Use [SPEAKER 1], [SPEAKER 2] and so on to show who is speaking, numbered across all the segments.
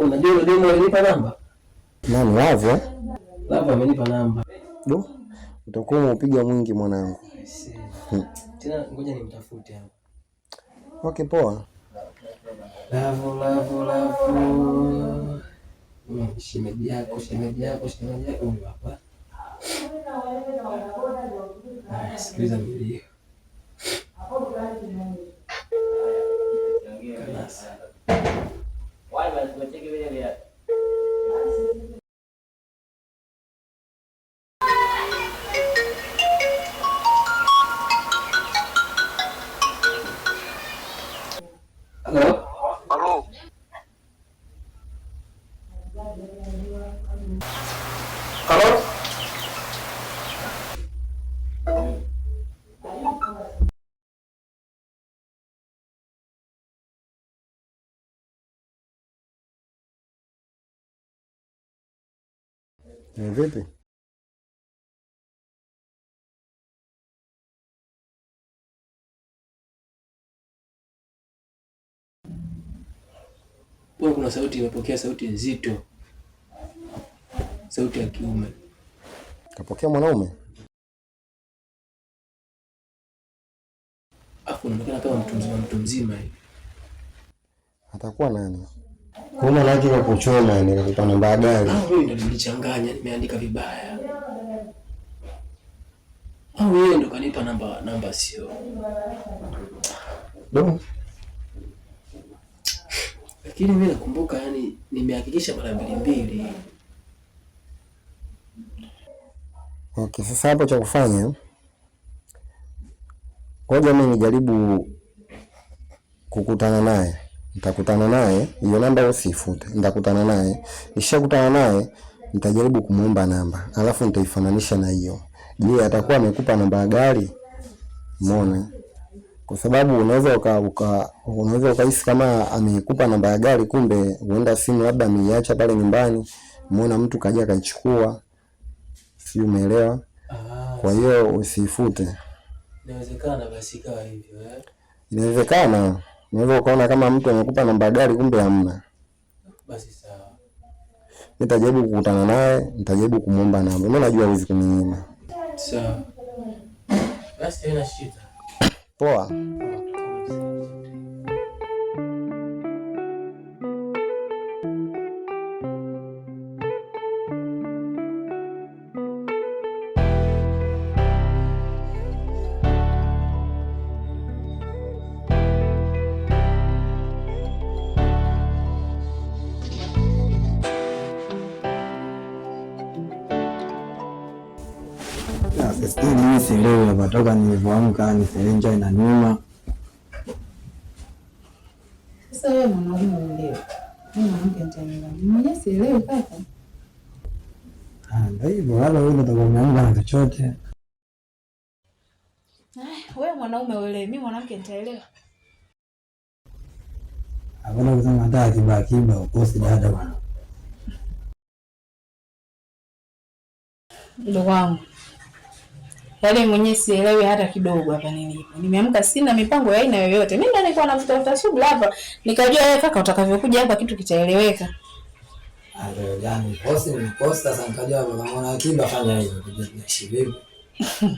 [SPEAKER 1] Unajua yule demu alinipa namba?
[SPEAKER 2] Nani Lava?
[SPEAKER 1] Lava amenipa namba.
[SPEAKER 2] Do? Utakuwa umepiga mwingi mwanangu.
[SPEAKER 1] Tena ngoja nimtafute hapa. Okay, poa. Lava, lava, lava. Mm, shemeji yako, shemeji yako, shemeji yako hapa. Ah, Sikiliza milio.
[SPEAKER 2] Alô? Vem, vem.
[SPEAKER 1] Huwa kuna sauti imepokea sauti nzito, sauti ya kiume
[SPEAKER 2] kapokea mwanaume,
[SPEAKER 1] afu unaonekana kama mtu mzima, mtu mzima
[SPEAKER 2] Atakuwa nani? Kuna laki yake kuchoma ni kwa namba gari.
[SPEAKER 1] Ndio nilichanganya, nimeandika vibaya, au ah, yeye ndo kanipa namba? Namba sio do lakini mimi nakumbuka, yani nimehakikisha mara mbili mbili.
[SPEAKER 2] Okay, sasa hapo cha kufanya, ngoja mimi nijaribu kukutana naye. Nitakutana naye, hiyo namba usifute. Nitakutana naye, nishakutana naye nitajaribu kumuomba namba, alafu nitaifananisha na hiyo. Je, atakuwa amekupa namba ya gari? Umeona? kwa sababu unaweza uka, uka, unaweza ukahisi kama amekupa namba ya gari, kumbe huenda simu labda ameiacha pale nyumbani, umeona mtu kaja akaichukua, si umeelewa? Ah, kwa hiyo usifute,
[SPEAKER 1] inawezekana basi ikawa hivyo eh,
[SPEAKER 2] inawezekana unaweza ukaona kama mtu amekupa namba ya gari, kumbe hamna.
[SPEAKER 1] Basi sawa,
[SPEAKER 2] nitajaribu kukutana naye, nitajaribu kumwomba namba, mimi najua hizi kuninyima.
[SPEAKER 1] Sawa basi, haina shida.
[SPEAKER 2] 不啊。still mimi sielewi nilivyoamka
[SPEAKER 3] Sasa wewe mwanaume uelewe, mwanamke mwenyewe, sielewi kaka.
[SPEAKER 2] Ah, hivyo, wala wewe unataka na chochote. Eh,
[SPEAKER 3] wewe mwanaume uelewe, mimi mwanamke nitaelewa.
[SPEAKER 2] Hakuna kusema hata akiba akiba ukosi dada bwana,
[SPEAKER 3] ndugu wangu Yaani mwenyewe sielewi hata kidogo hapa nilipo. Nimeamka sina mipango ya aina yoyote. Mimi ndio nilikuwa nafuta futa shughuli hapa. Nikajua wewe kaka utakavyokuja hapa kitu kitaeleweka.
[SPEAKER 2] Ndio gani? Kosi ni kosi sasa nikaja hapa kama una akiba fanya hivyo. Tunashiribu.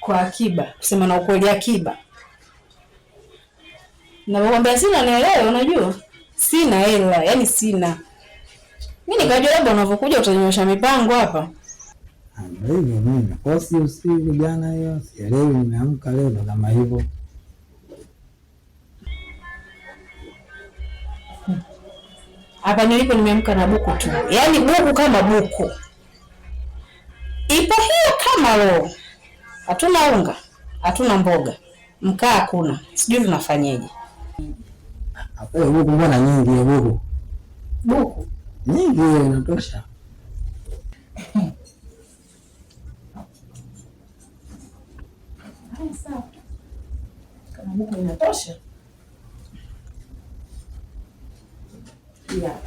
[SPEAKER 3] Kwa akiba, kusema na ukweli akiba. Na nakwambia sina naelewa unajua? Sina hela, yaani sina. Mimi nikajua labda unavyokuja utanyosha mipango hapa.
[SPEAKER 2] Hivyo mimi kwa si usiku jana hiyo sielewi, nimeamka leo ndo kama hivyo.
[SPEAKER 3] Hapa nilipo nimeamka na buku tu, yaani buku kama buku, ipo hiyo kama roho. Hatuna unga, hatuna mboga, mkaa hakuna, sijui tunafanyeje.
[SPEAKER 2] Buku mbona nyingi? Buku buku nyingi inatosha
[SPEAKER 3] haya, sawa. Kama huko inatosha,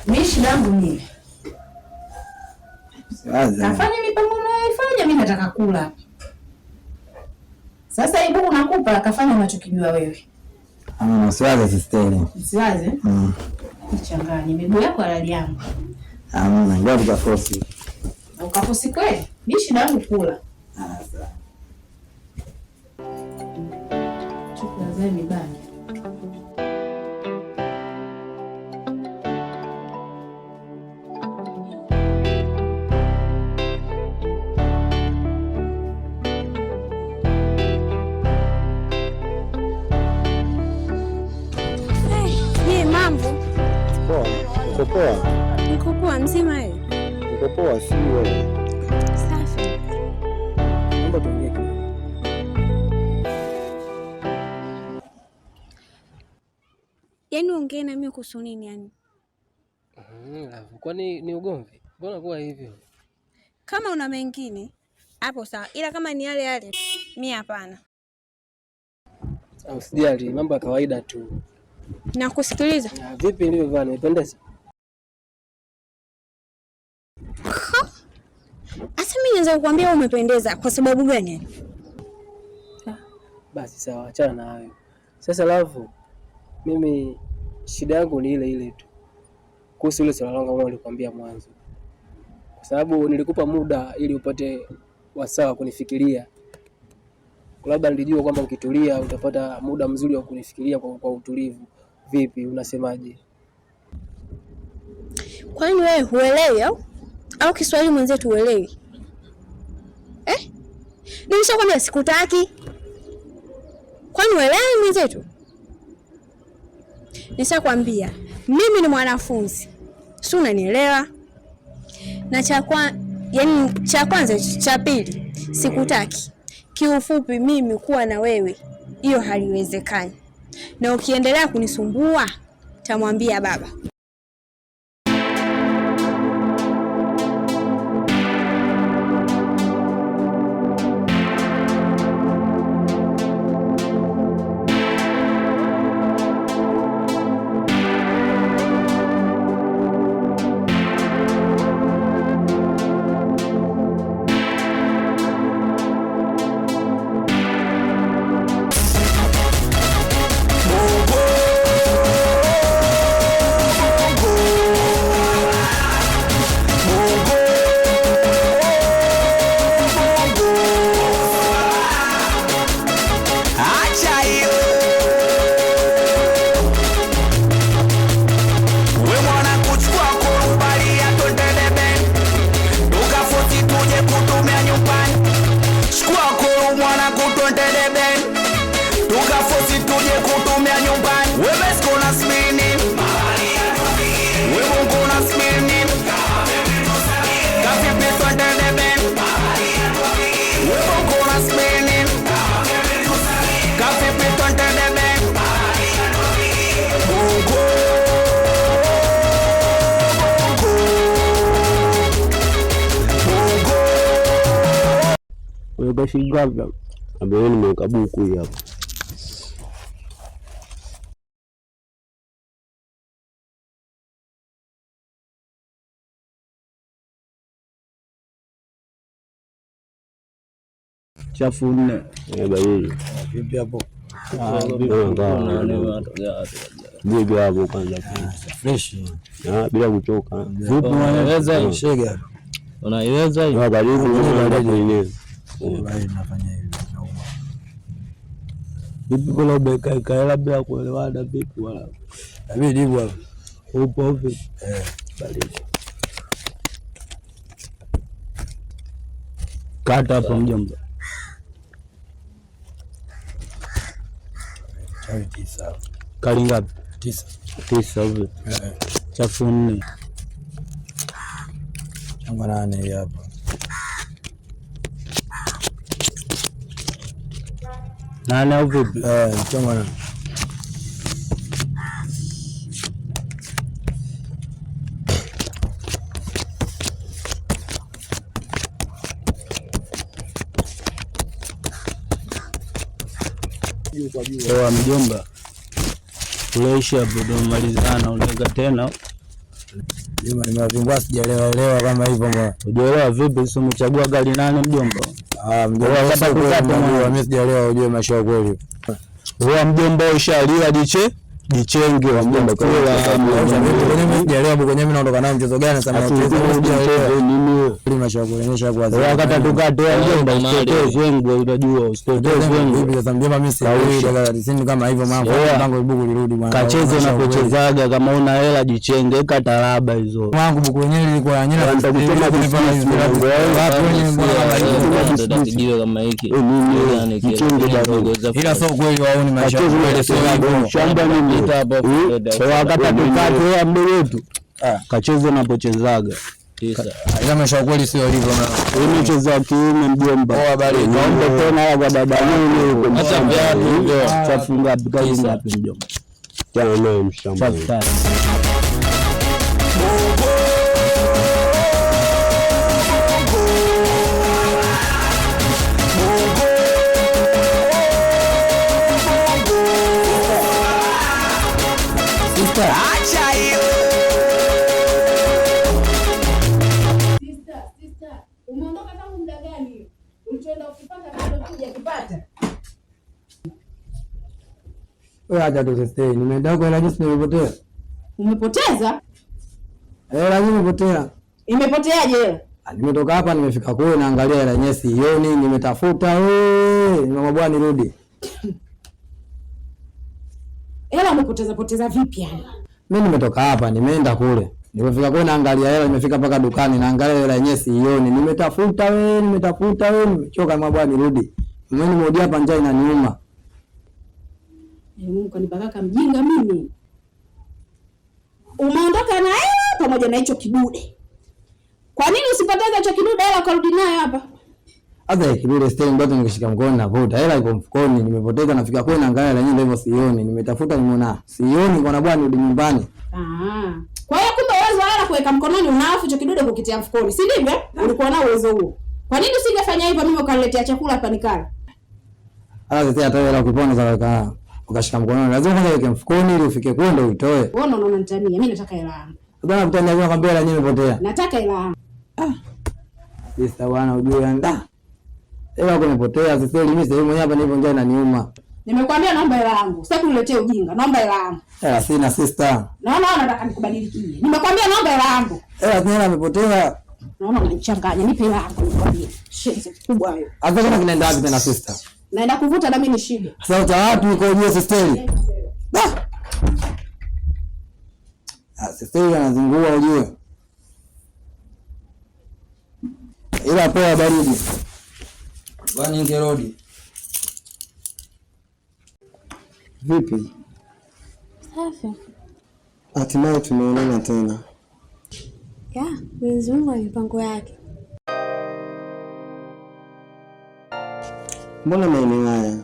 [SPEAKER 3] mimi shida yangu nini?
[SPEAKER 2] Nafanya
[SPEAKER 3] mipango nayoifanya, mimi nataka kula sasa. Ibu nakupa kafanya unachokijua wewe.
[SPEAKER 2] Msiwaze sisteni, msiwaze mm.
[SPEAKER 3] changani miguu yako halali yangu. Ukafosi kweli? Mimi shida yangu kula. Ah, wazae
[SPEAKER 4] unaongea na mimi kuhusu nini yani?
[SPEAKER 1] Mm, Kwani ni ugomvi? Mbona kuwa hivyo?
[SPEAKER 4] Kama una mengine hapo sawa, ila kama ni yale yale mimi hapana.
[SPEAKER 1] Usijali, mambo ya kawaida tu.
[SPEAKER 4] Nakusikiliza.
[SPEAKER 1] Na ah, vipi nilivyovaa nimependeza?
[SPEAKER 4] Asa mimi naweza kukuambia umependeza kwa sababu gani?
[SPEAKER 1] Ah, basi sawa, achana na hayo. Sasa love, mimi shida yangu ni ile ile tu kuhusu ile swala langu ambalo nilikwambia mwanzo, kwa sababu nilikupa muda ili upate wasaa wa kunifikiria. Labda nilijua kwamba ukitulia utapata muda mzuri wa kunifikiria kwa, kwa utulivu. Vipi, unasemaje?
[SPEAKER 4] Kwani wewe huelewi au au Kiswahili mwenzetu huelewi eh? Nimeshakwambia sikutaki. Kwani uelewi mwenzetu? nishakwambia mimi ni mwanafunzi, si unanielewa? Na cha kwa yani, cha kwanza cha pili, sikutaki. Kiufupi, mimi kuwa na wewe hiyo haliwezekani, na ukiendelea kunisumbua tamwambia baba.
[SPEAKER 2] front and the hapa. Chafu nne. Eh, bayi. Vipi hapo? Jiga hapo kwanza fresh bila kuchoka.
[SPEAKER 1] Unaweza shega. Unaweza
[SPEAKER 2] hiyo. Karibu unaweza. Nafanya Vipi kuna ubeka kaela bila kuelewana vipi wala.
[SPEAKER 1] Na mimi ndivyo hapo. Upo vipi? Eh, bali.
[SPEAKER 2] Kata hapo mjomba. Tawi tisa. Kali ngapi? Tisa. Tisa hivi. Eh. Chafu nne. Changa nane hapa. Nane au vipi? Eh, changa nane.
[SPEAKER 1] Poa mjomba, uleisha budomalizana ah, ulega tena
[SPEAKER 2] mjomba, sijaelewaelewa kama hivyo mbona.
[SPEAKER 1] Ujaelewa vipi? Si umechagua gari nane mjomba?
[SPEAKER 2] Ah, mjomba,
[SPEAKER 1] sijaelewa ujue maisha kweli. Wewe mjomba, ushaliwa jiche Jichenge wa mjomba kwa hapo kwenye mimi naondoka nao mchezo gani sasa wakati tukate mjomba usipotee wengu utajua usipotee wengu vipi sasa mjomba mimi sisi kama hivyo mambo mpango ibuku lirudi bwana kacheze na kuchezaga kama una hela jichenge kataraba hizo wangu buku wenyewe lilikuwa kwa nitakuchoma kufanya hizo watu wenyewe kama hiki mimi ila sio kweli waoni maisha kweli sio shamba mimi wakatatukate ambe wetu kacheze napochezaga mesha ukweli sio hivyo na mchezo kiume mjomba, naomba oh, tena kwa dada chafunga ngapi mjomba?
[SPEAKER 2] Acha tusistee, nimeenda huko hela jinsi nimepotea.
[SPEAKER 5] Umepoteza?
[SPEAKER 2] Hela jinsi nimepotea.
[SPEAKER 5] Imepoteaje
[SPEAKER 2] ah, Nimetoka hapa nimefika kule naangalia hela yenyewe sioni, nimetafuta wewe. Mama bwana nirudi.
[SPEAKER 5] Hela umepoteza poteza vipi yani?
[SPEAKER 2] Mimi nimetoka hapa nimeenda kule. Nimefika kule naangalia hela, nimefika mpaka dukani naangalia hela yenyewe sioni. Nimetafuta wewe, nimetafuta wewe, nimechoka mama bwana nirudi. Mweni moja hapa njaa inaniuma.
[SPEAKER 5] Eh, Mungu kanibakaka mjinga mimi. Umeondoka na hela pamoja na hicho kidude. Kwa nini usipoteza hicho kidude hela ukarudi nayo hapa?
[SPEAKER 2] Hata kidude stay ndio ningeshika mkono na vuta. Hela iko mfukoni, nimepoteza nafika kwenu angalia na nyinyi hivyo sioni. Nimetafuta nimeona. Sioni kwa bwana nirudi nyumbani.
[SPEAKER 5] Ah. Kwa hiyo kumbe uwezo wa hela kuweka mkononi unaofu hicho kidude kukitia mfukoni. Si ndivyo? Ah. Ulikuwa na uwezo huo. Kwa nini usingefanya hivyo mimi ukaniletea chakula hapa nikala?
[SPEAKER 2] hata tetea hata hela ukipona za weka ukashika mkononi, lazima kwanza uweke mfukoni ili ufike kule ndio uitoe.
[SPEAKER 5] Wewe unaona nitania, mimi nataka hela yangu
[SPEAKER 2] bwana. Mtania kwa kwambia hela yenyewe imepotea,
[SPEAKER 5] nataka hela yangu. Ah,
[SPEAKER 2] sasa bwana, ujue anda hela yako imepotea. Sasa mimi sasa mwenyewe hapa nilipoongea na niuma,
[SPEAKER 5] nimekwambia naomba hela yangu, sasa uniletee ujinga. Naomba hela yangu.
[SPEAKER 2] Hela sina sister,
[SPEAKER 5] naona unataka nikubadilikie. Nimekwambia naomba hela yangu.
[SPEAKER 2] Hela hela imepotea.
[SPEAKER 5] Naona unanichanganya, nipe hela yangu nikwambie. Shit kubwa hiyo.
[SPEAKER 2] Hata kama kinaenda wapi tena sister?
[SPEAKER 5] naenda kuvuta nami nishinde.
[SPEAKER 2] Sasa utawapi kwa hiyo sisteri? Ah, sisteri anazingua ujue, ila poa baridi
[SPEAKER 1] bwana, ingerodi
[SPEAKER 2] vipi? Safi, hatimaye tumeonana tena.
[SPEAKER 4] Ya, Mwenyezi Mungu ana mipango yake
[SPEAKER 2] Mbona maeneo haya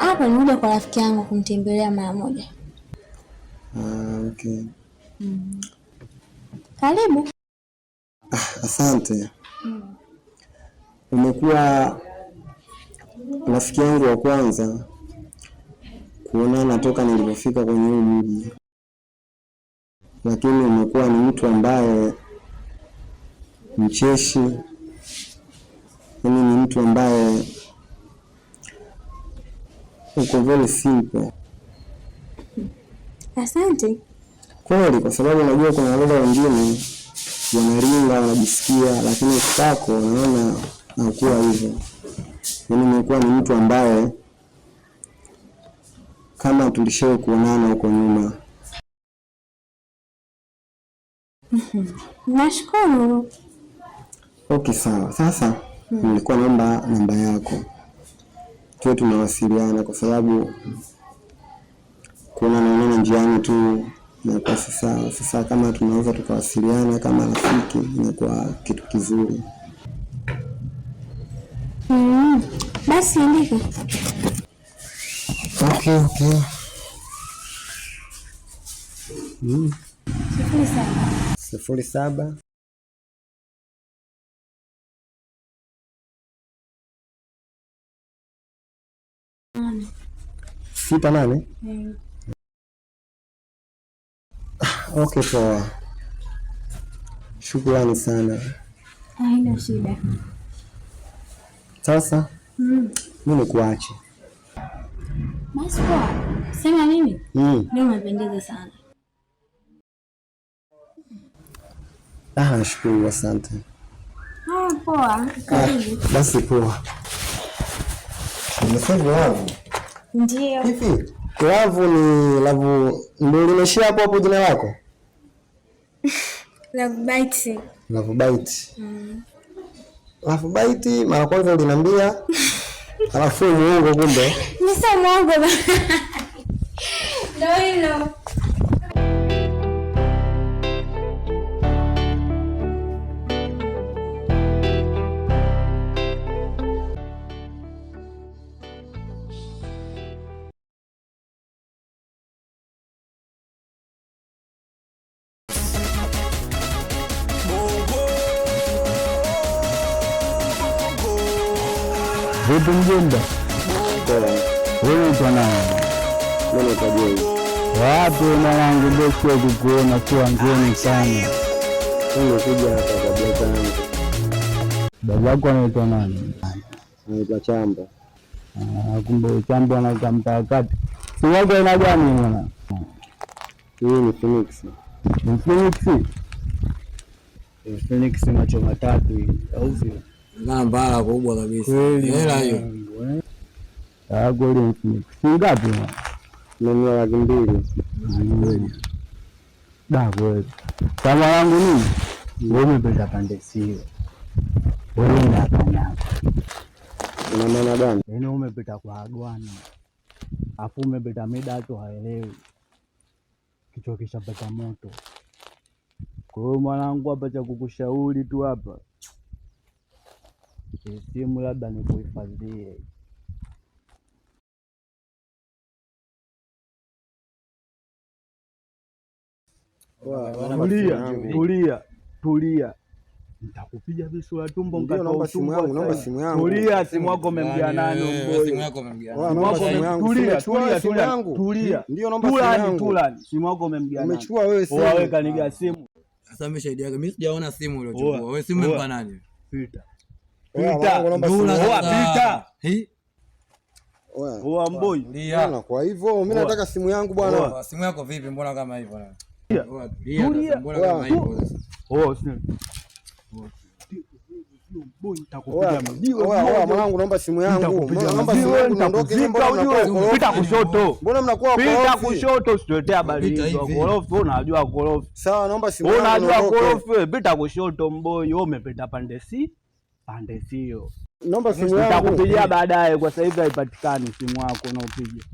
[SPEAKER 4] hapa? nimekuja kwa rafiki yangu kumtembelea mara moja.
[SPEAKER 2] Ah, okay. Mm. Karibu. Ah, asante. Mm. Umekuwa rafiki yangu wa kwanza kuonana toka nilipofika kwenye huu mji, lakini umekuwa ni mtu ambaye mcheshi, yaani ni mtu ambaye uko very simple.
[SPEAKER 4] Asante
[SPEAKER 2] kweli, kwa sababu najua kuna wadada wengine wanaringa wanajisikia, lakini kwako naona nakuwa hivyo. Yaani nimekuwa ni mtu ambaye kama tulishawe kuonana huko nyuma.
[SPEAKER 4] Mm-hmm. Nashukuru.
[SPEAKER 2] Okay, sawa. Sasa nilikuwa naomba namba yako tuwe tunawasiliana, kwa sababu kuona naonana njiani tu inakuwa sasa. Sasa kama tunaweza tukawasiliana kama rafiki, inakuwa kitu kizuri.
[SPEAKER 4] Mm, basi andika.
[SPEAKER 2] Okay, okay. Mm. Sifuri saba sita nane. Eh. Ah, okay, poa, shukrani sana.
[SPEAKER 4] Haina shida. Sasa mm.
[SPEAKER 2] nikuache
[SPEAKER 4] basi. Poa, sema nini? mm. Leo umependeza sana.
[SPEAKER 2] Ah, nashukuru, asante.
[SPEAKER 4] Ah, poa.
[SPEAKER 2] Ah, basi poa. Umesave lavu? Ndio. Hivi lavu ni lavu, ndio limeishia hapo hapo jina lako?
[SPEAKER 4] Love bite.
[SPEAKER 2] Love bite. Mm. Love bite mara kwanza uliniambia. Alafu muongo kumbe.
[SPEAKER 4] Ni sasa muongo. Ndio hilo.
[SPEAKER 2] Naitwa mjomba. Wewe unaitwa nani?
[SPEAKER 1] Mimi naitwa Joy.
[SPEAKER 2] Wapi mwanangu, dosi kukuona kwa ngeni sana.
[SPEAKER 1] Nimekuja hapa kwa baba yangu.
[SPEAKER 2] Baba yako anaitwa nani?
[SPEAKER 1] Anaitwa Chamba.
[SPEAKER 2] Ah, kumbe Chamba anaitwa mtakati. Si yako ina gani mwana?
[SPEAKER 1] Hii ni Phoenix.
[SPEAKER 2] Ni Phoenix.
[SPEAKER 1] Ni Phoenix macho matatu hivi au vipi? na mbara kubwa kabisa. Hela hiyo
[SPEAKER 2] goli ah, ngapi?
[SPEAKER 1] Nunua laki mbili
[SPEAKER 2] da kweli. Kama yangu nini umependa pande sio wewe
[SPEAKER 1] Una maana gani?
[SPEAKER 2] Yaani umepita kwa agwana. Afu umepita mida tu haelewi. Kichwa kishapata moto. Kwa hiyo mwanangu hapa cha kukushauri tu hapa nichukue simu labda nikuhifadhie. Tulia, tulia, tulia. Nitakupiga visu la tumbo mkatoa utumbo. Naomba simu yangu. Tulia, yaani, nani
[SPEAKER 1] mboyo? Simu yako umemjia
[SPEAKER 2] nani? Naomba simu yangu. Tulia, tulia, simu yangu. Tulia. Ndio simu yangu. Tulia, yako umemjia nani? Umechukua wewe simu. Waweka niga simu.
[SPEAKER 1] Sasa mimi shahidi yake mimi sijaona simu uliochukua. Wewe simu umempa nani?
[SPEAKER 2] Filter. Kwa hivyo mimi nataka simu yangu
[SPEAKER 1] bwana. Simu yako vipi? Mbona kama hivyo?
[SPEAKER 2] Mwanangu, naomba simu yangu. Pita kushoto, pita kushoto, usituletee habari hizo. Korofi unajua korofi, unajua korofi, pita kushoto mboi, umepita pande si pande sio. Naomba simu yangu nitakupigia baadaye, kwa sasa hivi haipatikani simu yako na upige.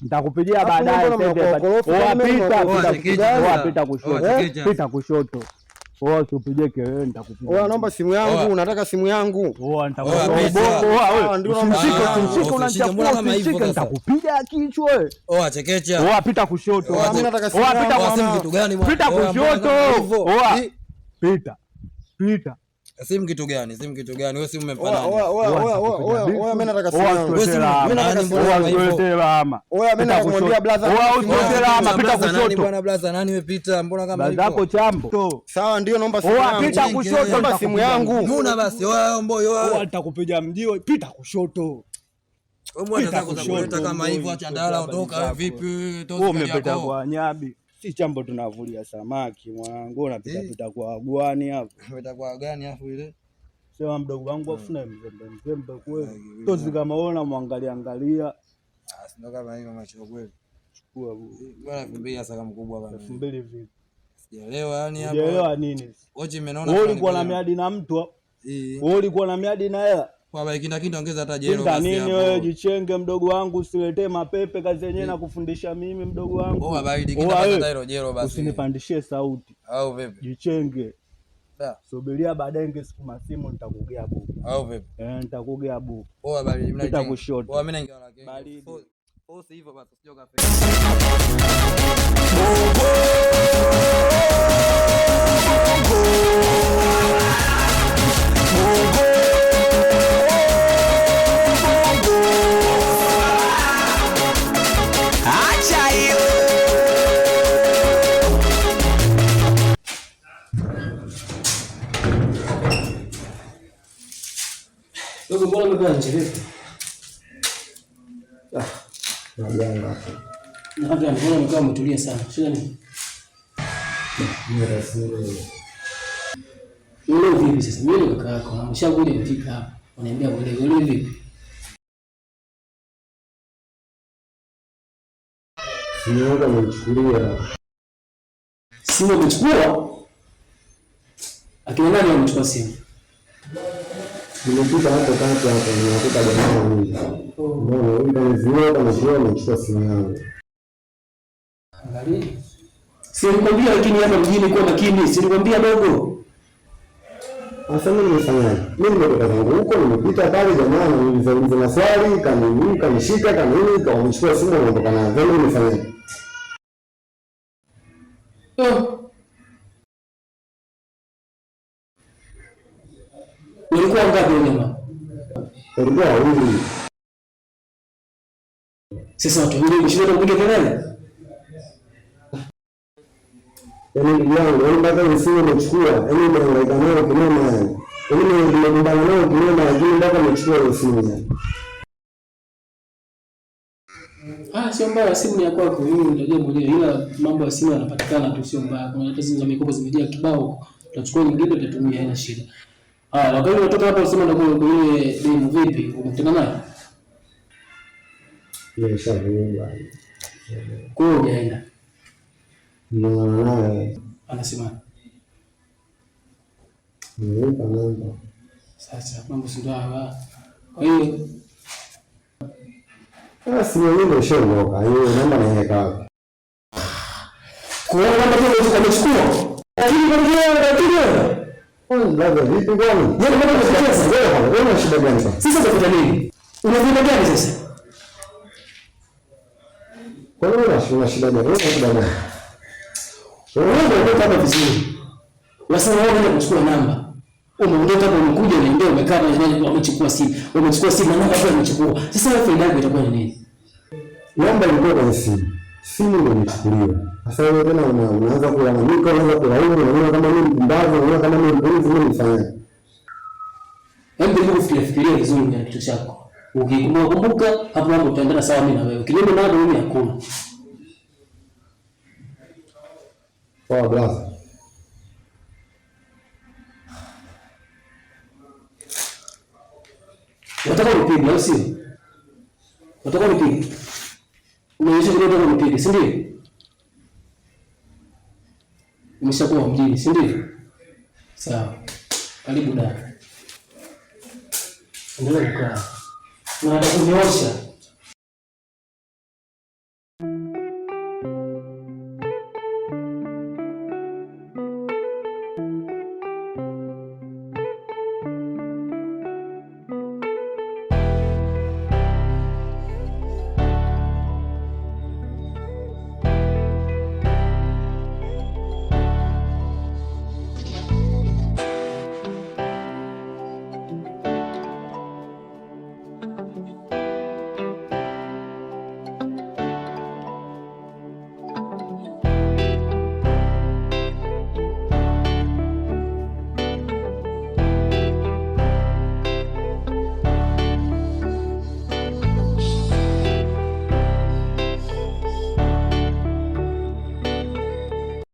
[SPEAKER 2] Nitakupigia baadaye. Yaani pita kushoto, pita kushoto. Usipige kelele, nitakupigia. Naomba simu yangu, unataka simu yangu? Nitakupiga kichwa wewe. Chekecha. Pita kushoto, pita kushoto, pita, pita.
[SPEAKER 1] Simu kitu gani? Simu kitu gani? Wewe simu umemfanana.
[SPEAKER 2] Wewe mimi nataka simu.
[SPEAKER 1] Bwana blaza nani umepita? Mbona kama
[SPEAKER 2] hivyo? chambo. Sawa ndio naomba simu yangu. pita kushoto naomba simu yangu. Nuna basi. Wewe mboyo wewe. nitakupiga mjio. Pita kushoto. kama hivyo acha ndala ondoka vipi? umepita kwa nyabi si chambo tunavulia samaki mwanangu, unapitapita eh. kwa gwani hapo, sema mdogo wangu ah. afuna mzembe mzembe kweli, ah, tozi kama wewe unamwangalia angalia elfu mbili vipi? Yaani Sijaelewa nini? Wewe ulikuwa na miadi na mtu, eh. wewe ulikuwa na miadi na hela Baba kindakindi ongeza hata jero basi nini wewe jichenge mdogo wangu usiletee mapepe kazi yenyewe na kufundisha mimi mdogo wangu. Oh baba kindakindi eh, hata hilo jero basi. Usinipandishie sauti. Au vipi? Jichenge. Da. Subiria baadaye nge siku masimu nitakugea bu. Au vipi? Eh, nitakugea bu. Oh baba mimi na nitakushota. Oh mimi na baridi. Oh si hivyo basi sio kafe.
[SPEAKER 1] Kabla nje vipi? Ah, majanga hapa. Na kabla mbona mkao umetulia sana. Shida ni? Ni rasmi. Wewe vipi sasa? Mimi ni kaka yako. Ameshakuja kufika hapa. Unaniambia wewe wewe vipi? Sio mchukulia. Sio mchukua? Akina nani wamechukua simu? Nimepita hapo kati hapo, nimekuta jamaa ndio ndio ndio ndio ndio ndio simu yangu. Si nilikwambia, lakini hapa mjini kuwa makini, si dogo. Sasa mimi nimefanyaje? Mimi nimetoka zangu huko, nimepita pale, jamaa ananiuliza uliza maswali, kanini kanishika, kanini kawamechukua simu, anaondoka nayo. Mimi nimefanyaje? Oh. Ulikuwa ngapi nyuma? Ulikuwa wawili. Sasa watu wengine mshinda kupiga kelele. Yaani yangu, yaani mpaka msimu umechukua, yaani unahangaika nayo kinoma yani. Yaani nimekumbana nayo kinoma lakini mpaka umechukua msimu yani. Ah, sio mbaya simu ya kwako hiyo unajua mwenyewe ila mambo ya simu yanapatikana tu sio mbaya. Kuna hata simu za mikopo zimejaa kibao. Tutachukua nyingine tutatumia haina shida. Haya, ah, wakati unatoka hapo unasema ndio kwa ile dini vipi? Unakutana naye? Ni sawa nyumba. Kwa hiyo unaenda. Na naye anasema Ni Nimempa namba. Sasa mambo si ndio haya. Kwa hiyo ah, si mimi ndio shondoka. Hiyo namba ni wapi? Kwa hiyo namba hiyo utachukua. Lakini kwa hiyo ndio Yaani shida gani sasa? Utakuja nini? Una shida gani Una shida gani? Umeondoka hapa vizuri, unasema wewe unaenda kuchukua namba. Umeondoka hapa, umekuja, unaingia, umekaa na jirani, wamechukua simu, wamechukua simu na namba wamechukua. Sasa wewe faida yako itakuwa ni nini? Namba ilikuwa kwenye simu, simu ndio imechukuliwa sasa wewe tena unaanza kulalamika, unaanza kulaumu, unaona kama mimi mpumbavu, unaona kama mimi mpuuzi, mimi nifanye. Hebu jaribu fikiria vizuri na kitu chako. Ukikumbuka kumbuka, hapo hapo utaendana sawa mimi na wewe. Kinyume na hapo mimi hakuna. Poa brother. Unataka nipige, au sio? Nataka nipige. Unaweza kidogo nipige, si ndio? umeshakuwa mjini, si ndivyo? Sawa, karibu dada, endelea kukaa na atakunyoosha